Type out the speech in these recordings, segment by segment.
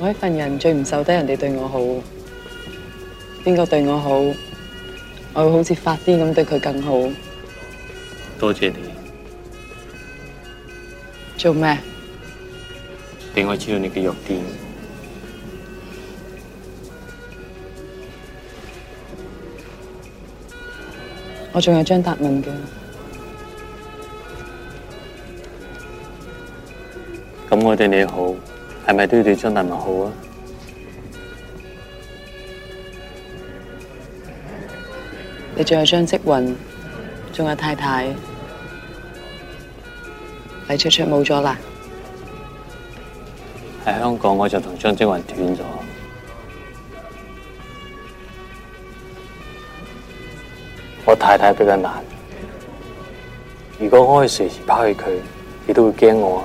我呢份人最唔受得人哋對我好，邊個對我好，我會好似發癲咁對佢更好。多謝你，做咩？俾我知道你嘅弱點。我仲有張答案嘅。咁我對你好。係咪都要對張達民好啊？你仲有張積云，仲有太太，你卓卓冇咗啦。喺香港我就同張積云斷咗，我太太比較難。如果我可以隨時拋棄佢，你都會驚我啊。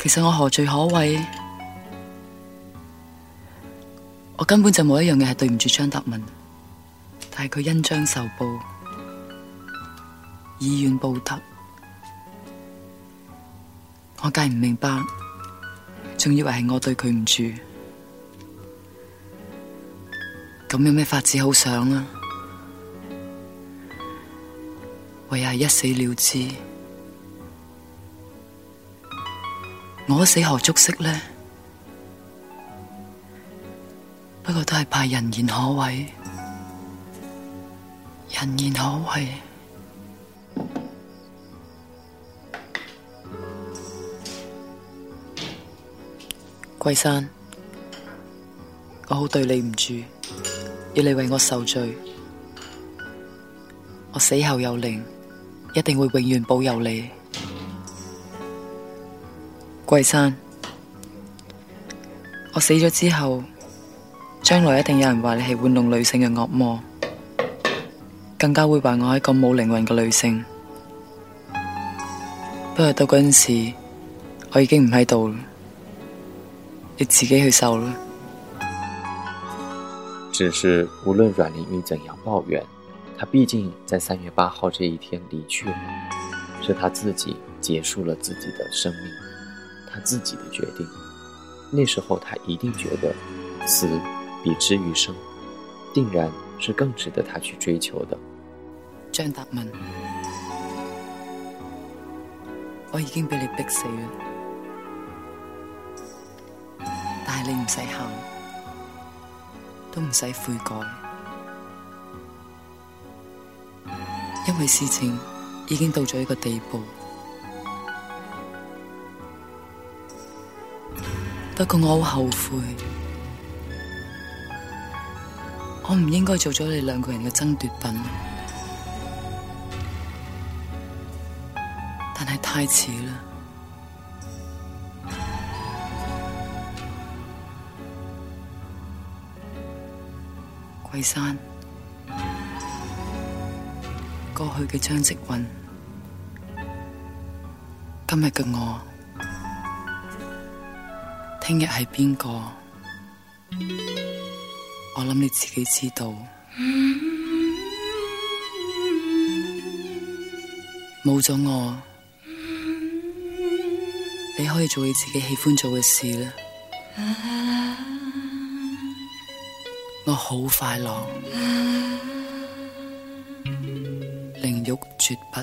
其實我何罪可畏？我根本就冇一樣嘢係對唔住張達文，但係佢恩將仇報，以怨報德，我梗唔明白，仲以為係我對佢唔住，咁有咩法子好想啊？我也是一死了之。我死何足惜呢？不過都係怕人言可畏，人言可畏。桂山，我好對你唔住，要你為我受罪。我死後有靈，一定會永遠保佑你。桂珊，我死咗之後，將來一定有人話你係玩弄女性嘅惡魔，更加會話我係一個冇靈魂嘅女性。不過到嗰陣時，我已經唔喺度，你自己去受啦。只是無論阮玲玉怎樣抱怨，她畢竟在三月八號這一天離去，是她自己結束了自己的生命。他自己的決定，那時候他一定覺得，死比之於生，定然是更值得他去追求的。張達民，我已經被你逼死了，但係你唔使喊，都唔使悔改，因為事情已經到咗一個地步。不過我好後悔，我唔應該做咗你兩個人嘅爭奪品，但係太遲啦，季珊，過去嘅張織雲，今日嘅我。聽日係邊個？我諗你自己知道。冇咗我，你可以做你自己喜歡做嘅事啦。我好快樂，玲玉絕筆。